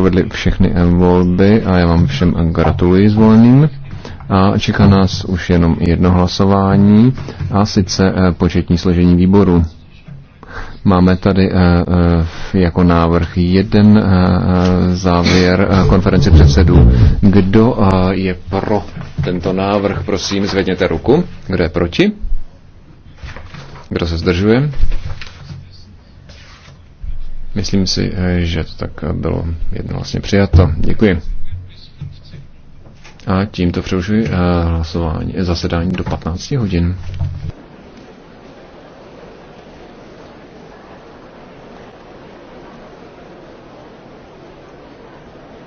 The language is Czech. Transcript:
provedli všechny eh, volby a já vám všem gratuluji zvoleným. A čeká nás už jenom jedno hlasování a sice eh, početní složení výboru. Máme tady eh, jako návrh jeden závěr konference předsedů. Kdo je pro tento návrh, prosím, zvedněte ruku. Kdo je proti? Kdo se zdržuje? Myslím si, eh, že to tak eh, bylo jedno vlastně přijato. Děkuji. A tímto přerušuji eh, hlasování, zasedání do 15 hodin.